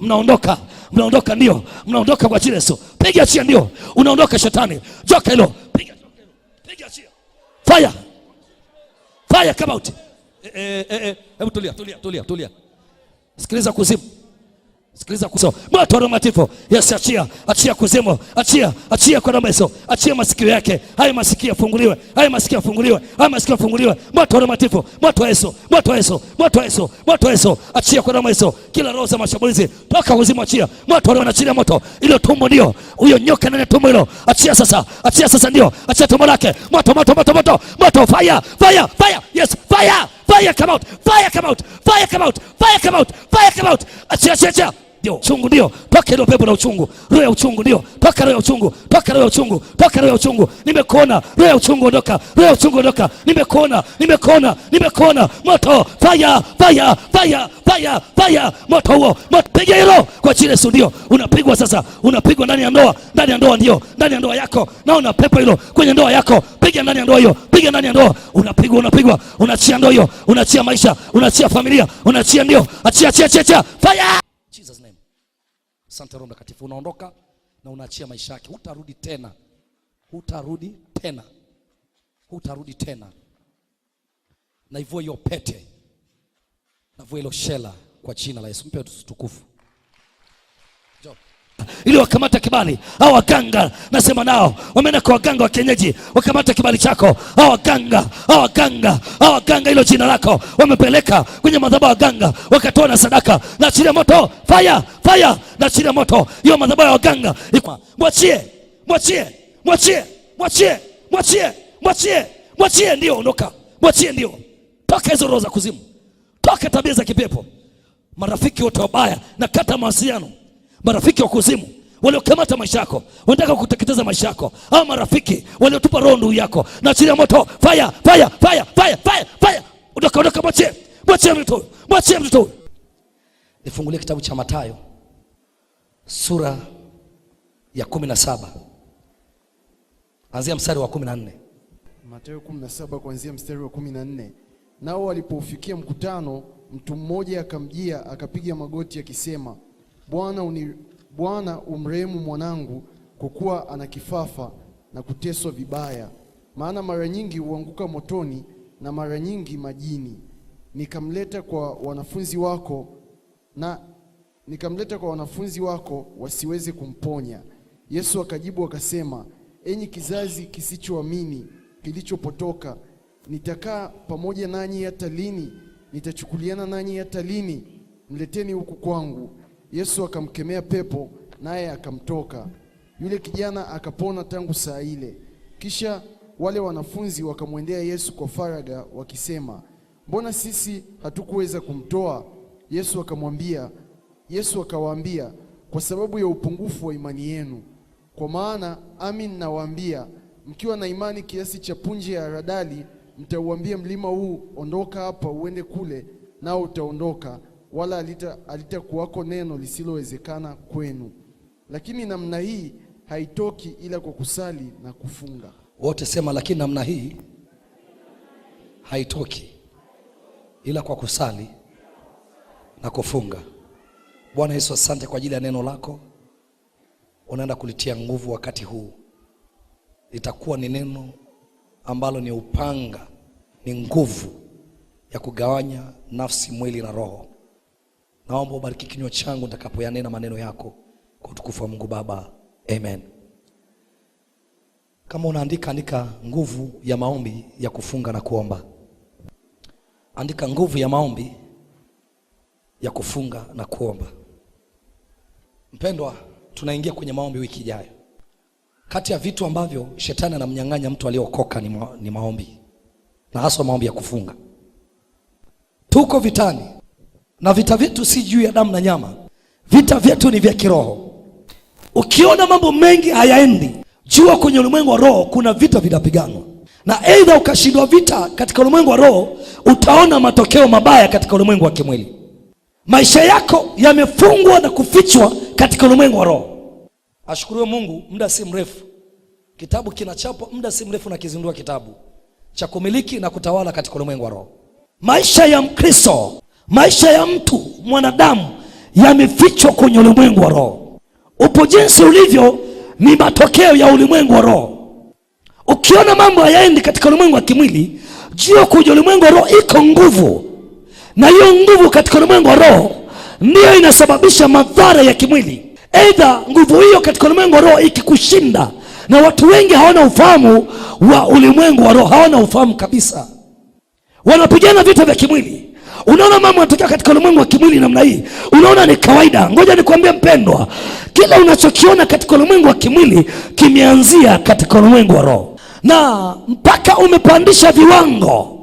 mnaondoka, mnaondoka, ndio mnaondoka kwa jina Yesu. Piga achia, ndio unaondoka shetani, joka hilo, piga, piga achia, fire, fire, come out. Eh, eh, eh, hebu tulia, tulia, tulia, tulia, sikiliza kuzimu Sikiliza kuso. Moto Roho Mtakatifu. Yes, achia, achia kuzimu. Achia, achia kwa damu Yesu. Achia masikio yake. Haya masikio yafunguliwe. Haya masikio yafunguliwe. Haya masikio yafunguliwe. Moto Roho Mtakatifu. Moto Yesu. Moto Yesu. Moto Yesu. Moto Yesu. Achia kwa damu Yesu. Kila roho za mashambulizi toka kuzimu achia. Moto Roho anaachilia moto. Ile tumbo ndio. Huyo nyoka ndani ya tumbo hilo. Achia sasa. Achia sasa ndio. Achia tumbo lake. Moto moto moto moto. Moto fire. Fire. Fire. Yes, fire. Vai acabar, vai acabar, vai acabar, vai acabar, vai acabar. Assim, assim, assim. ndio uchungu, ndio Toka ile pepo na uchungu, roho ya uchungu, ndio Toka roho ya uchungu, Toka roho ya uchungu, Toka roho ya uchungu. Nimekuona roho ya uchungu, ondoka, roho ya uchungu, ondoka. Nimekuona, nimekuona, nimekuona. Moto fire, fire, fire, fire, fire, moto huo, moto piga hilo kwa jina Yesu. Ndio unapigwa sasa, unapigwa ndani ya ndoa, ndani ya ndoa, ndio ndani ya ndoa yako, Naona pepo hilo kwenye ndoa yako, piga ndani ya ndoa hiyo, piga ndani ya ndoa, unapigwa, unapigwa, unachia ndoa hiyo, unachia maisha, unachia familia, unachia ndio, achia, achia, achia, fire Jesus Asante Roho Mtakatifu. Unaondoka na unaachia maisha yake, hutarudi tena, hutarudi tena, hutarudi tena. Naivua hiyo pete, navua hilo shela kwa jina la Yesu. Mpe tukufu. Njoo ili wakamata kibali. Hao waganga nasema nao wameenda kwa waganga wa kienyeji, wakamata kibali chako. Hao waganga, hao waganga, hao waganga, hilo jina lako wamepeleka kwenye madhabahu ya waganga, wakatoa na sadaka. Naachilia moto, fire, fire! Naachilia moto hiyo madhabahu ya waganga, mwachie, mwachie, mwachie, mwachie, mwachie, mwachie, mwachie, ndio ondoka, mwachie, ndio toka hizo roho za kuzimu, toka tabia za kipepo, marafiki wote wabaya na kata mawasiliano marafiki wa kuzimu waliokamata maisha yako, wanataka kuteketeza maisha yako, au marafiki waliotupa roho ndugu yako, na chini ya moto, fire fire fire fire fire fire! Ondoka, ondoka, mwachie, mwachie mtu mwachie mtu. Nifungulie kitabu cha Mathayo sura ya 17 anzia mstari wa 14. Mathayo 17 kuanzia mstari wa 14. Nao walipofikia mkutano, mtu mmoja akamjia akapiga magoti akisema Bwana uni, Bwana umrehemu mwanangu, kwa kuwa ana kifafa na kuteswa vibaya, maana mara nyingi huanguka motoni na mara nyingi majini. Nikamleta kwa wanafunzi wako na nikamleta kwa wanafunzi wako wasiweze kumponya. Yesu akajibu akasema, enyi kizazi kisichoamini kilichopotoka, nitakaa pamoja nanyi hata lini? Nitachukuliana nanyi hata lini? Mleteni huku kwangu. Yesu akamkemea pepo naye akamtoka. Yule kijana akapona tangu saa ile. Kisha wale wanafunzi wakamwendea Yesu kwa faraga wakisema, mbona sisi hatukuweza kumtoa? Yesu akamwambia, Yesu akawaambia, kwa sababu ya upungufu wa imani yenu. Kwa maana amin nawaambia, mkiwa na imani kiasi cha punje ya haradali, mtauambia mlima huu, ondoka hapa uende kule, nao utaondoka wala halitakuwako neno lisilowezekana kwenu. Lakini namna hii haitoki ila kwa kusali na kufunga. Wote sema, lakini namna hii haitoki ila kwa kusali na kufunga. Bwana Yesu, asante kwa ajili ya neno lako, unaenda kulitia nguvu wakati huu. Litakuwa ni neno ambalo ni upanga, ni nguvu ya kugawanya nafsi, mwili na roho. Naomba ubariki kinywa changu nitakapoyanena maneno yako kwa utukufu wa Mungu Baba, amen. Kama unaandika andika nguvu ya maombi ya kufunga na kuomba. Andika nguvu ya maombi ya kufunga na kuomba. Mpendwa, tunaingia kwenye maombi wiki ijayo. Kati ya vitu ambavyo shetani anamnyang'anya mtu aliyeokoka ni, ni maombi na haswa maombi ya kufunga. Tuko vitani na vita vyetu si juu ya damu na nyama, vita vyetu ni vya kiroho. Ukiona mambo mengi hayaendi, jua kwenye ulimwengu wa roho kuna vita vinapiganwa, na aidha ukashindwa vita katika ulimwengu wa roho, utaona matokeo mabaya katika ulimwengu wa kimwili. Maisha yako yamefungwa na kufichwa katika ulimwengu wa roho. Ashukuriwe Mungu, muda si mrefu kitabu kinachapwa, muda si mrefu na kizindua kitabu cha kumiliki na kutawala katika ulimwengu wa roho. Maisha ya Mkristo Maisha ya mtu mwanadamu yamefichwa kwenye ulimwengu wa roho. Upo jinsi ulivyo ni matokeo ya ulimwengu wa roho. Ukiona mambo hayaendi katika ulimwengu wa kimwili, jua kuja ulimwengu wa roho iko nguvu, na hiyo nguvu katika ulimwengu wa roho ndiyo inasababisha madhara ya kimwili. Aidha, nguvu hiyo katika ulimwengu wa roho ikikushinda, na watu wengi hawana ufahamu wa ulimwengu wa roho, hawana ufahamu kabisa, wanapigana vita vya kimwili Unaona mambo yanatokea katika ulimwengu wa kimwili namna hii, unaona ni kawaida. Ngoja nikwambie mpendwa, kila unachokiona katika ulimwengu wa kimwili kimeanzia katika ulimwengu wa roho, na mpaka umepandisha viwango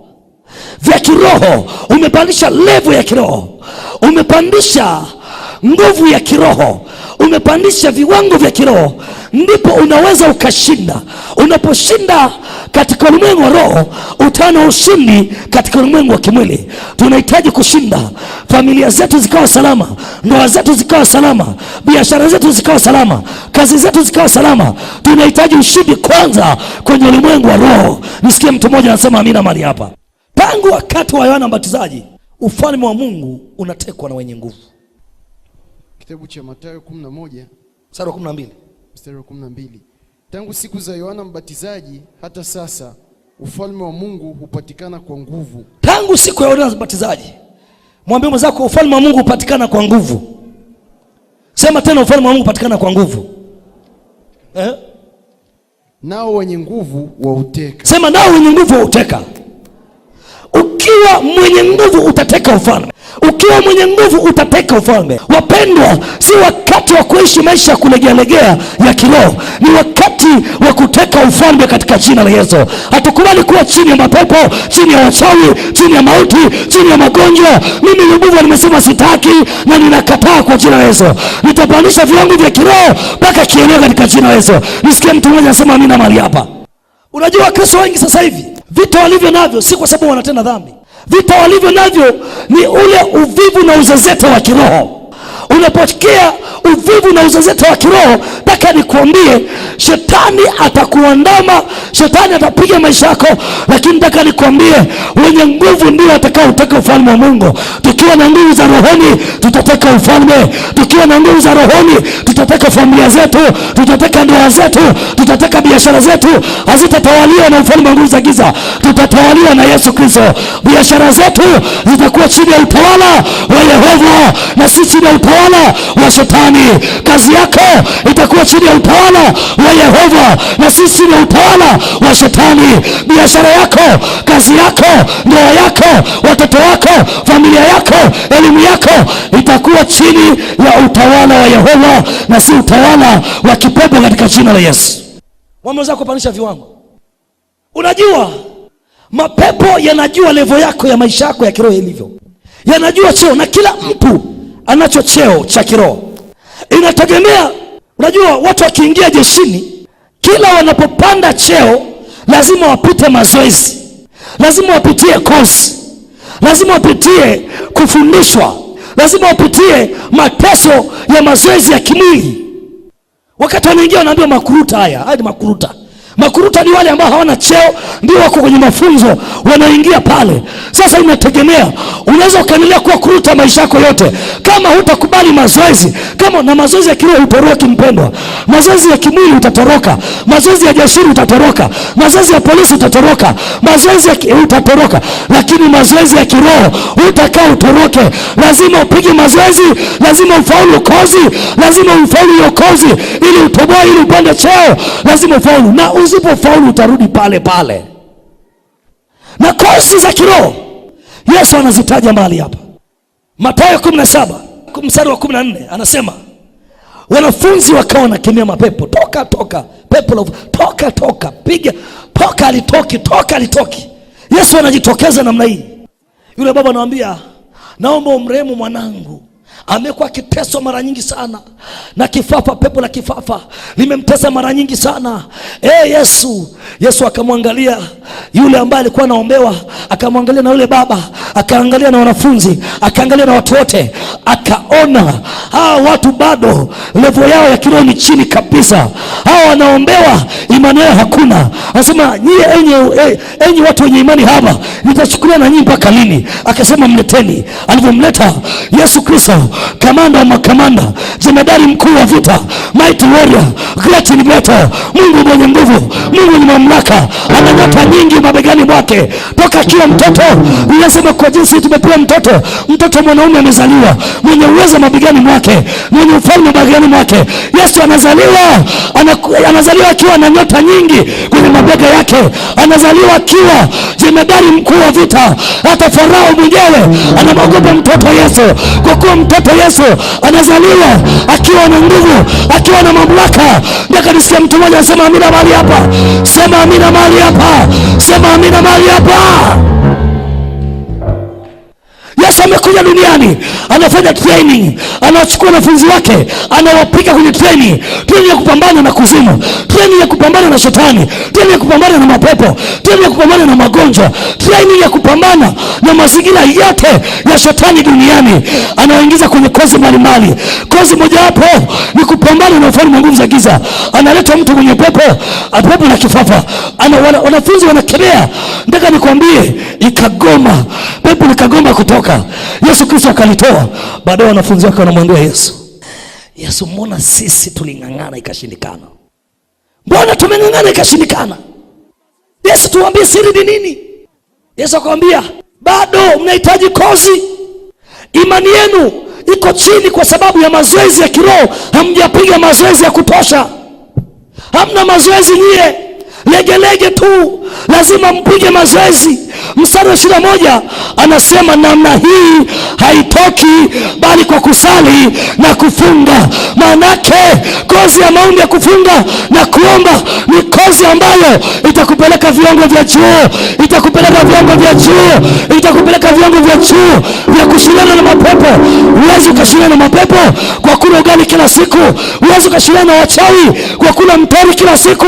vya kiroho, umepandisha levu ya kiroho, umepandisha nguvu ya kiroho umepandisha viwango vya kiroho, ndipo unaweza ukashinda. Unaposhinda katika ulimwengu wa roho, utaona ushindi katika ulimwengu wa kimwili. Tunahitaji kushinda, familia zetu zikawa salama, ndoa zetu zikawa salama, biashara zetu zikawa salama, kazi zetu zikawa salama. Tunahitaji ushindi kwanza kwenye ulimwengu wa roho. Nisikie mtu mmoja anasema amina mali hapa. Tangu wakati wa Yohana Mbatizaji, ufalme wa Mungu unatekwa na wenye nguvu. Kitabu cha Mathayo 11 mstari wa 12. Mstari wa 12. Tangu siku za Yohana Mbatizaji hata sasa ufalme wa Mungu hupatikana kwa nguvu. Tangu siku ya Yohana Mbatizaji. Mwambie mwenzako ufalme wa Mungu hupatikana kwa nguvu. Sema tena ufalme wa Mungu hupatikana kwa nguvu. Eh? Nao wenye nguvu wauteka. Sema nao wenye nguvu wauteka. Ukiwa mwenye nguvu utateka ufalme, ukiwa mwenye nguvu utateka ufalme. Wapendwa, si wakati wa kuishi maisha ya kulegealegea ya kiroho, ni wakati wa kuteka ufalme katika jina la Yesu. Hatukubali kuwa chini ya mapepo, chini ya wachawi, chini ya mauti, chini ya magonjwa. Mimi nguvu nimesema sitaki na ninakataa kwa jina la Yesu. Nitapandisha viwango vya kiroho mpaka kieneo katika jina la Yesu. Nisikie mtu mmoja anasema amina mahali hapa. Unajua Wakristo wengi sasa hivi vitu walivyo navyo si kwa sababu wanatenda dhambi Vita walivyo navyo ni ule uvivu na uzezeto wa kiroho. Unaposikia uvivu na uzezeta wa kiroho, taka nikuambie, shetani atakuandama, shetani atapiga maisha yako, lakini taka nikuambie wenye nguvu ndio atakaoteka ufalme wa Mungu. Tukiwa na nguvu za rohoni, tutateka ufalme. Tukiwa na nguvu za rohoni, tutateka familia zetu, tutateka ndoa zetu, tutateka biashara zetu. Hazitatawaliwa na ufalme wa nguvu za giza, tutatawaliwa na Yesu Kristo. Biashara zetu zitakuwa chini ya utawala wa Yehova na sisi chini utawala utawala wa shetani. Kazi yako itakuwa chini ya utawala wa Yehova na si chini ya utawala wa shetani. Biashara yako, kazi yako, ndoa yako, watoto wako, familia yako, elimu yako itakuwa chini ya utawala wa Yehova na si utawala wa kipepo, katika jina la Yesu. Wameweza kupanisha viwango. Unajua, mapepo yanajua levo yako ya maisha yako ya kiroho ilivyo, yanajua cheo na kila mtu anacho cheo cha kiroho. Inategemea, unajua watu wakiingia jeshini, kila wanapopanda cheo lazima wapite mazoezi, lazima wapitie kozi, lazima wapitie kufundishwa, lazima wapitie mateso ya mazoezi ya kimwili. Wakati wanaingia wanaambiwa makuruta, haya haya ni makuruta Makuruta ni wale ambao hawana cheo, ndio wako kwenye mafunzo, wanaingia pale. Sasa inategemea, unaweza ukaendelea kuwa kuruta maisha yako yote kama hutakubali mazoezi. Kama na mazoezi ya kiroho utoroki, mpendwa, mazoezi ya kimwili utatoroka, mazoezi ya jasiri utatoroka, mazoezi ya polisi utatoroka, mazoezi ya ki, utatoroka, lakini mazoezi ya kiroho utakaa utoroke. Lazima upige mazoezi, lazima ufaulu kozi, lazima ufaulu hiyo kozi ili utoboe, ili upande cheo, lazima ufaulu na u usipofaulu utarudi pale pale, na kosi za kiroho Yesu anazitaja mbali hapa. Mathayo 17 mstari wa 14 anasema wanafunzi wakawa kimia mapepo, toka toka, pepo la toka toka, piga toka, alitoki toka, alitoki. Yesu anajitokeza namna hii, yule baba anamwambia, naomba umrehemu mwanangu amekuwa akiteswa mara nyingi sana na kifafa, pepo la kifafa limemtesa mara nyingi sana e, Yesu. Yesu akamwangalia yule ambaye alikuwa anaombewa, akamwangalia na yule baba, akaangalia na wanafunzi, akaangalia na watu wote, akaona hawa watu bado levo yao ya kiroho ni chini kabisa hawa wanaombewa imani yao hakuna. Anasema nyie enye, enye watu wenye imani haba, nitachukuliwa na nyinyi mpaka lini? Akasema mleteni. Alivyomleta Yesu Kristo, kamanda wa makamanda, jemadari mkuu wa vita, mighty warrior, great liberator, Mungu mwenye nguvu, Mungu ni mamlaka, ana nyota nyingi mabegani mwake toka akiwa mtoto. Ninasema kwa jinsi tumepewa mtoto, mtoto mwanaume amezaliwa, mwenye uwezo mabegani mwake, mwenye ufalme mabegani mwake. Yesu anazaliwa ana anazaliwa akiwa na nyota nyingi kwenye mabega yake, anazaliwa akiwa jemedari mkuu wa vita. Hata Farao mwenyewe anamwogopa mtoto Yesu, kwa kuwa mtoto Yesu anazaliwa akiwa na nguvu, akiwa na mamlaka. Ndio mtu mmoja anasema amina mahali hapa, sema amina mahali hapa, sema amina mahali hapa. Yesu amekuja duniani, anafanya training, anawachukua wanafunzi wake, anawapika kwenye training, training ya kupambana na kuzimu, training ya kupambana na shetani, training ya kupambana na mapepo, training ya kupambana na magonjwa, training ya kupambana na mazingira yote ya shetani duniani. Anawaingiza kwenye kozi mbalimbali. Kozi mojawapo ni kupambana na ufalme wa nguvu za giza. Analeta mtu kwenye pepo, pepo na kifafa, wanafunzi wanakemea. Nataka nikwambie, ikagoma pepo, likagoma kutoka Yesu Kristo akalitoa. Baadaye wanafunzi wake wanamwambia Yesu, Yesu, mbona sisi tuling'ang'ana ikashindikana? Mbona tumeng'ang'ana ikashindikana? Yesu, tuambie siri ni nini? Yesu akamwambia, bado mnahitaji kozi, imani yenu iko chini kwa sababu ya mazoezi ya kiroho. Hamjapiga mazoezi ya kutosha, hamna mazoezi nyie legelege tu, lazima mpige mazoezi. Mstari wa ishirini na moja anasema namna hii haitoki bali kwa kusali na kufunga. Maanake kozi ya maombi ya kufunga na kuomba ni kozi ambayo itakupeleka viwango vya juu, itakupeleka viwango vya juu, itakupeleka viwango vya juu vya kushindana na mapepo. Huwezi ukashindana na mapepo kwa kula ugali kila siku, huwezi ukashindana na wachawi kwa kula mtori kila siku,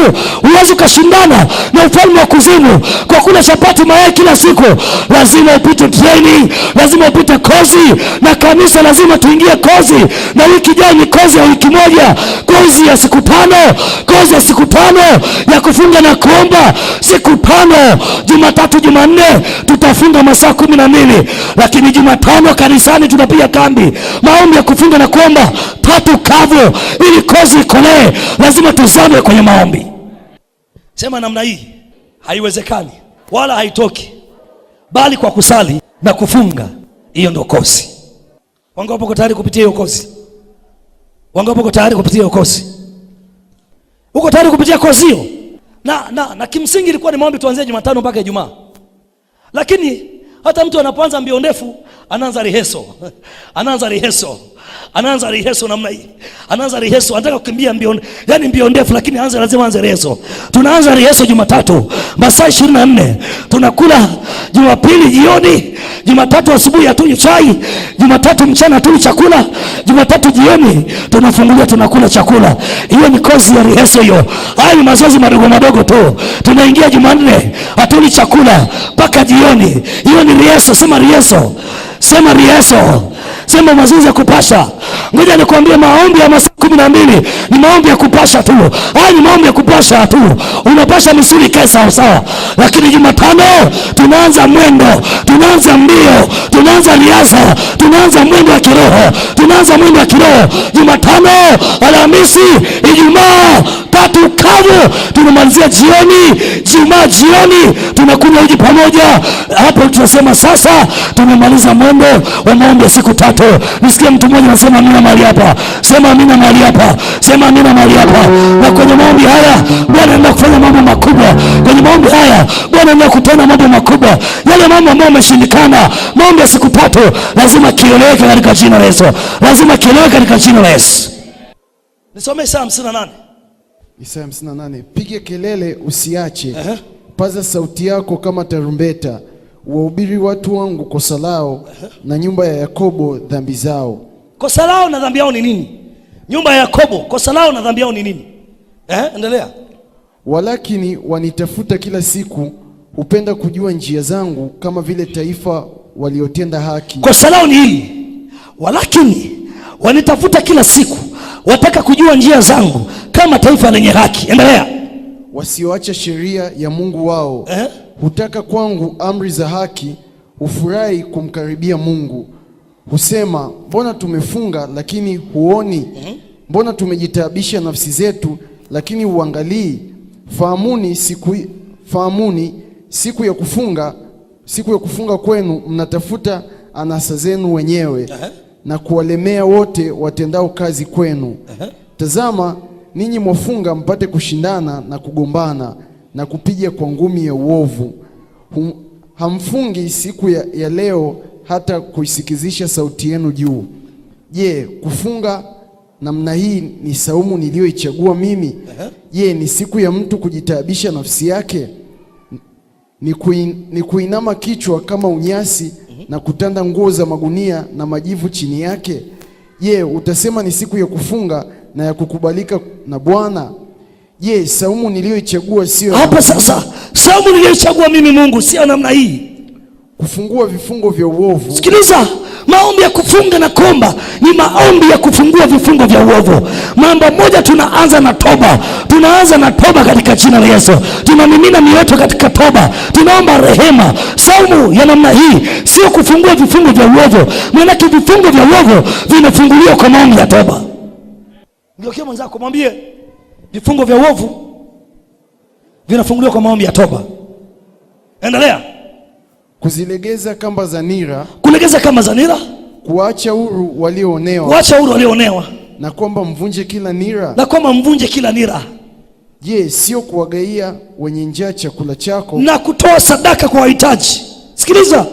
huwezi ukashindana kushindana na ufalme wa kuzimu kwa kula chapati mayai kila siku. Lazima ipite training, lazima ipite kozi na kanisa, lazima tuingie kozi, na wiki ijayo ni kozi ya wiki moja, kozi ya siku tano, kozi ya siku tano ya kufunga na kuomba siku tano. Jumatatu, Jumanne tutafunga masaa kumi na mbili, lakini Jumatano kanisani tunapiga kambi maombi ya kufunga na kuomba tatu kavu, ili kozi ikolee, lazima tuzame kwenye maombi. Sema namna hii haiwezekani wala haitoki, bali kwa kusali na kufunga. Hiyo ndio kosi. Wangapi wako tayari kupitia hiyo kosi? Wangapi wako tayari kupitia hiyo kosi? Uko tayari kupitia kosi hiyo? Na, na, na kimsingi ilikuwa ni maombi tuanzie Jumatano mpaka Ijumaa, lakini hata mtu anapoanza mbio ndefu anaanza riheso anaanza riheso anaanza riheso namna hii, anaanza riheso anataka kukimbia mbio, yani mbio ndefu, lakini anza lazima anze riheso Tunaanza riheso Jumatatu masaa 24, tunakula Jumapili jioni, Jumatatu asubuhi hatunywi chai, Jumatatu mchana hatunywi chakula, Jumatatu jioni tunafungulia tunakula chakula. Hiyo ni kozi ya riheso hiyo. Haya ni mazoezi madogo madogo tu. Tunaingia Jumanne hatunywi chakula mpaka jioni, hiyo ni rieso, sema rieso, sema rieso sema mambo mazuri ya kupasha. Ngoja nikwambie, maombi ya masiku kumi na mbili ni maombi ya kupasha tu. Haya ni maombi ya kupasha tu, unapasha misuli kae sawa. Lakini Jumatano tunaanza mwendo, tunaanza mbio, tunaanza riaza, tunaanza mwendo wa kiroho, tunaanza mwendo wa kiroho. Jumatano, Alhamisi, Ijumaa tatu kavu, tunamalizia jioni. Jumaa jioni tunakunywa uji pamoja, hapo tunasema sasa tumemaliza mwendo wa maombi ya siku tatu yote. Nisikie mtu mmoja anasema amina mahali hapa, sema amina mahali hapa, sema amina mahali hapa. Na kwenye maombi haya Bwana anaenda kufanya mambo makubwa. Kwenye maombi haya Bwana anaenda kutenda mambo makubwa, yale mambo ambayo yameshindikana, maombi ya siku tatu lazima kieleweke katika jina la Yesu, lazima kieleweke katika jina la Yesu. Nisome Isaya 58. Isaya 58. Pige kelele usiache. Uh -huh. Paza sauti yako kama tarumbeta wahubiri watu wangu kosa lao na nyumba ya Yakobo dhambi zao. Kosa lao na dhambi yao ni nini? Nyumba ya Yakobo kosa lao na dhambi yao ni nini? Eh, endelea. Walakini wanitafuta kila siku, hupenda kujua njia zangu, kama vile taifa waliotenda haki. Kosa lao ni hili, walakini wanitafuta kila siku, wataka kujua njia zangu, kama taifa lenye haki. Endelea. Wasioacha sheria ya Mungu wao eh? hutaka kwangu amri za haki, hufurahi kumkaribia Mungu. Husema, mbona tumefunga lakini huoni? Mbona tumejitaabisha nafsi zetu lakini huangalii? Fahamuni siku, fahamuni siku ya kufunga, siku ya kufunga kwenu mnatafuta anasa zenu wenyewe na kuwalemea wote watendao kazi kwenu. Tazama, ninyi mwafunga mpate kushindana na kugombana na kupiga kwa ngumi ya uovu. Hamfungi siku ya, ya leo hata kuisikizisha sauti yenu juu. Je, kufunga namna hii ni saumu niliyoichagua mimi? Je, ni siku ya mtu kujitaabisha nafsi yake? Ni, kuin, ni kuinama kichwa kama unyasi mhm. na kutanda nguo za magunia na majivu chini yake? Je, utasema ni siku ya kufunga na ya kukubalika na Bwana? Je, saumu niliyoichagua sio hapa? Sasa saumu niliyoichagua mimi Mungu sio namna hii, kufungua vifungo vya uovu. Sikiliza, maombi ya kufunga na kuomba ni maombi ya kufungua vifungo vya uovu. Mambo moja, tunaanza na toba, tunaanza na toba katika jina la Yesu, tunamimina mioyo katika toba, tunaomba rehema. Saumu ya namna hii sio kufungua vifungo vya uovu, maanake vifungo vya uovu vinafunguliwa kwa maombi ya toba. Ngeukie mwenzako mwambie vifungo vya uovu vinafunguliwa kwa maombi ya toba. Endelea. Kuzilegeza kamba za nira, kulegeza kamba za nira, kuacha huru walioonewa, kuacha huru walioonewa, na kwamba mvunje kila nira, na kwamba mvunje kila nira. Je, sio kuwagaia wenye njaa chakula chako na kutoa sadaka kwa wahitaji? Sikiliza.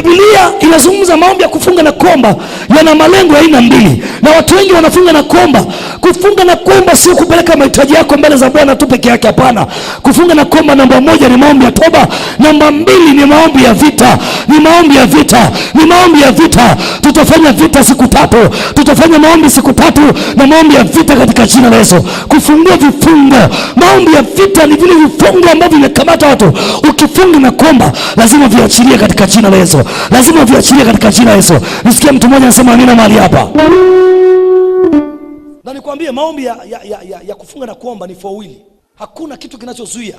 Biblia inazungumza maombi ya kufunga na kuomba yana malengo ya aina mbili, na watu wengi wanafunga na kuomba. Kufunga na kuomba sio kupeleka mahitaji yako mbele za Bwana tu peke yake, hapana. Kufunga na kuomba, namba moja ni maombi ya toba, namba mbili ni maombi ya vita, ni maombi ya vita, ni maombi ya vita. Tutafanya vita siku tatu, tutafanya maombi siku tatu na maombi ya vita katika jina la Yesu. Kufungua vifungo, maombi ya vita ni vile vifungo ambavyo vinakamata watu. Ukifunga na kuomba, lazima viachilie katika jina la Yesu lazima uviachilie katika jina Yesu. Nisikie mtu mmoja anasema amina mahali hapa, na nikwambie maombi ya, ya, ya, ya kufunga na kuomba ni fawili. Hakuna kitu kinachozuia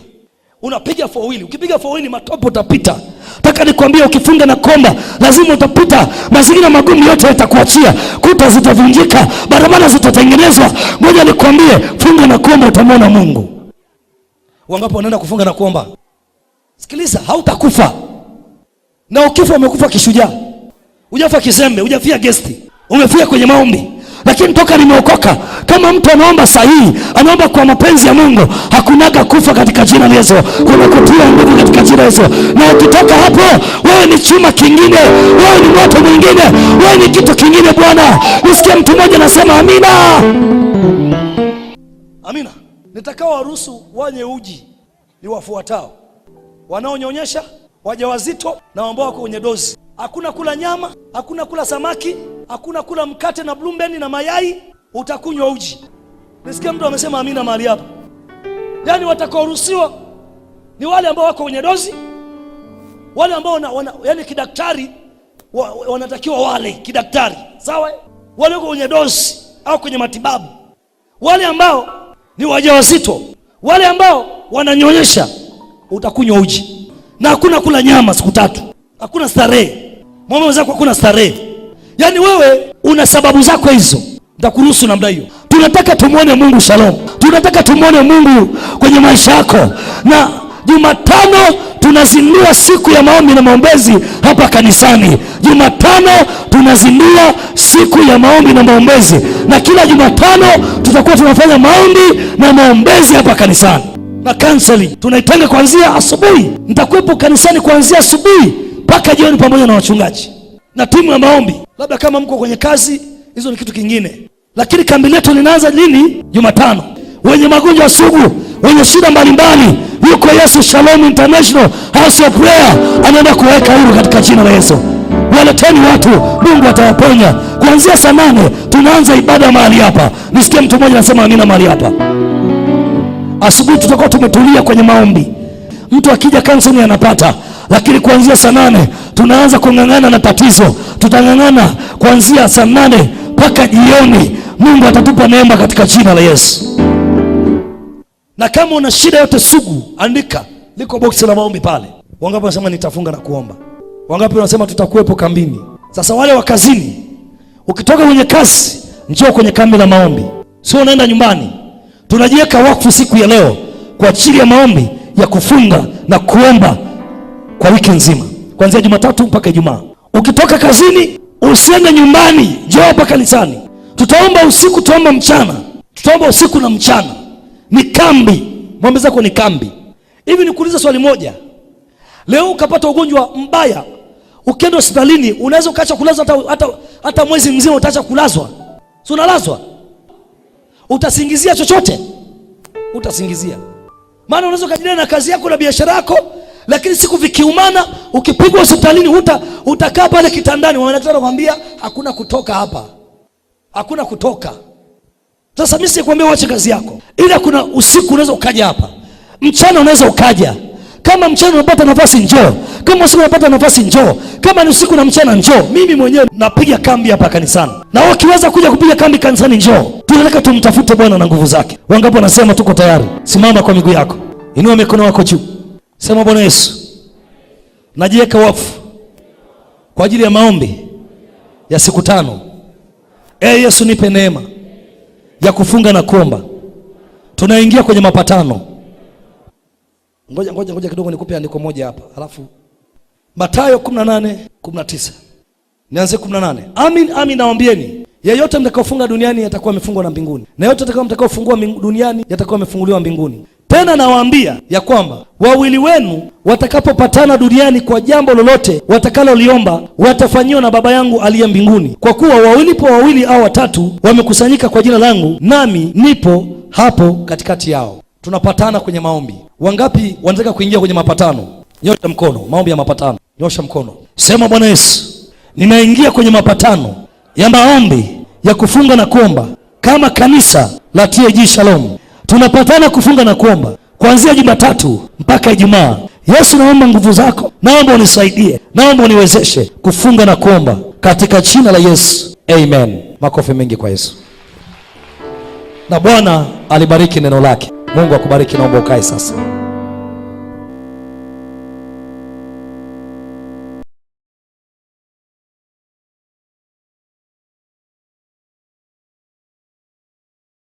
unapiga fawili. Ukipiga fawili, matopo utapita. Nataka nikwambie ukifunga na kuomba lazima utapita. Mazingira magumu yote yatakuachia, kuta zitavunjika, barabara zitatengenezwa. Ngoja nikwambie, funga na kuomba utamwona Mungu. Wangapo wanaenda kufunga na kuomba? Sikiliza, hautakufa na ukifa umekufa kishujaa, hujafa kizembe, hujafia gesti, umefia kwenye maombi. Lakini toka nimeokoka, kama mtu anaomba sahihi, anaomba kwa mapenzi ya Mungu, hakunaga kufa katika jina la Yesu, kuna kutia nguvu katika jina la Yesu. Na ukitoka hapo, wewe ni chuma kingine, wewe ni moto mwingine, wewe ni kitu kingine. Bwana, nisikie mtu mmoja anasema amina, amina. Nitakao waruhusu wanye uji ni wafuatao: wanaonyonyesha wajawazito na ambao wako kwenye dozi. Hakuna kula nyama, hakuna kula samaki, hakuna kula mkate na blumbeni na mayai, utakunywa uji. Nisikia mtu amesema amina mahali hapa. Yaani watakaoruhusiwa ni wale ambao wako kwenye dozi, wale ambao wana, wana, yani kidaktari wa, wanatakiwa wale kidaktari, sawa, wale wako kwenye dozi au kwenye matibabu, wale ambao ni wajawazito, wale ambao wananyonyesha, utakunywa uji na hakuna kula nyama siku tatu, hakuna starehe, mume wenzako hakuna starehe. Yaani wewe una sababu zako hizo, nitakuruhusu namna hiyo. Tunataka tumwone Mungu. Shalom, tunataka tumwone Mungu kwenye maisha yako, na Jumatano tunazindua siku ya maombi na maombezi hapa kanisani. Jumatano tunazindua siku ya maombi na maombezi, na kila Jumatano tutakuwa tunafanya maombi na maombezi hapa kanisani na kanseli. Tunaipanga kuanzia asubuhi, nitakuwepo kanisani kuanzia asubuhi mpaka jioni pamoja na wachungaji na timu ya maombi. Labda kama mko kwenye kazi hizo ni kitu kingine, lakini kambi letu linaanza lini? Jumatano. Wenye magonjwa sugu, wenye shida mbalimbali, yuko Yesu Shalom International House of Prayer anaenda kuweka huru katika jina la Yesu. Waleteni watu, Mungu atawaponya. Kuanzia saa nane tunaanza ibada mahali hapa. Nisikie mtu mmoja anasema amina mahali hapa. Asubuhi tutakuwa tumetulia kwenye maombi. Mtu akija kansoni anapata, lakini kuanzia saa nane tunaanza kung'ang'ana na tatizo. Tutang'ang'ana kuanzia saa nane mpaka jioni. Mungu atatupa neema katika jina la Yesu. Na kama una shida yote sugu, andika, liko boksi la maombi pale. Wangapi wanasema nitafunga na kuomba? Wangapi wanasema tutakuwepo kambini? Sasa wale wa kazini, ukitoka kwenye kazi, njoo kwenye kambi la maombi, sio unaenda nyumbani. Tunajiweka wakfu siku ya leo kwa ajili ya maombi ya kufunga na kuomba kwa wiki nzima, kuanzia Jumatatu mpaka Ijumaa. Ukitoka kazini, usiende nyumbani, njoo hapa kanisani. Tutaomba usiku, tutaomba mchana, tutaomba usiku na mchana. Ni kambi, mwombe zako ni kambi. Hivi nikuuliza swali moja, leo ukapata ugonjwa mbaya ukienda hospitalini, unaweza ukaacha kulazwa hata, hata, hata mwezi mzima utaacha kulazwa, si unalazwa utasingizia chochote, utasingizia. Maana unaweza ukaendelea na kazi yako na biashara yako, lakini siku vikiumana, ukipigwa hospitalini, uta utakaa pale kitandani, madaktari wanakuambia hakuna kutoka hapa, hakuna kutoka. Sasa mimi sikwambia uache kazi yako, ila kuna usiku unaweza ukaja hapa, mchana unaweza ukaja kama mchana unapata nafasi njoo, kama usiku unapata nafasi njoo, kama ni usiku na mchana njoo. Mimi mwenyewe napiga kambi hapa kanisani, na wakiweza kuja kupiga kambi kanisani njoo. Tunataka tumtafute Bwana na nguvu zake. Wangapo nasema tuko tayari? Simama kwa miguu yako, inua mikono yako juu, sema Bwana Yesu, najiweka wafu kwa ajili ya maombi ya siku tano. E Yesu, nipe neema ya kufunga na kuomba, tunaingia kwenye mapatano Ngoja ngoja ngoja kidogo nikupe andiko moja hapa. Alafu Mathayo 18:19. Nianze 18. Amin, amin nawaambieni, yeyote mtakaofunga duniani yatakuwa amefungwa na mbinguni. Na yote mtakaofungua duniani yatakuwa amefunguliwa mbinguni. Tena nawaambia ya kwamba wawili wenu watakapopatana duniani kwa jambo lolote watakaloliomba, watafanyiwa na Baba yangu aliye mbinguni. Kwa kuwa wawilipo wawili au watatu wamekusanyika kwa jina langu, nami nipo hapo katikati yao tunapatana kwenye maombi. Wangapi wanataka kuingia kwenye mapatano? Nyosha mkono. Maombi ya mapatano, nyosha mkono, sema Bwana Yesu, ninaingia kwenye mapatano ya maombi ya kufunga na kuomba kama kanisa la TAG Shalom tunapatana kufunga na kuomba kuanzia Jumatatu mpaka Ijumaa. Yesu, naomba nguvu zako, naomba unisaidie, naomba uniwezeshe kufunga na kuomba katika jina la Yesu, amen. Makofi mengi kwa Yesu. Na Bwana alibariki neno lake. Mungu akubariki, naomba ukae sasa.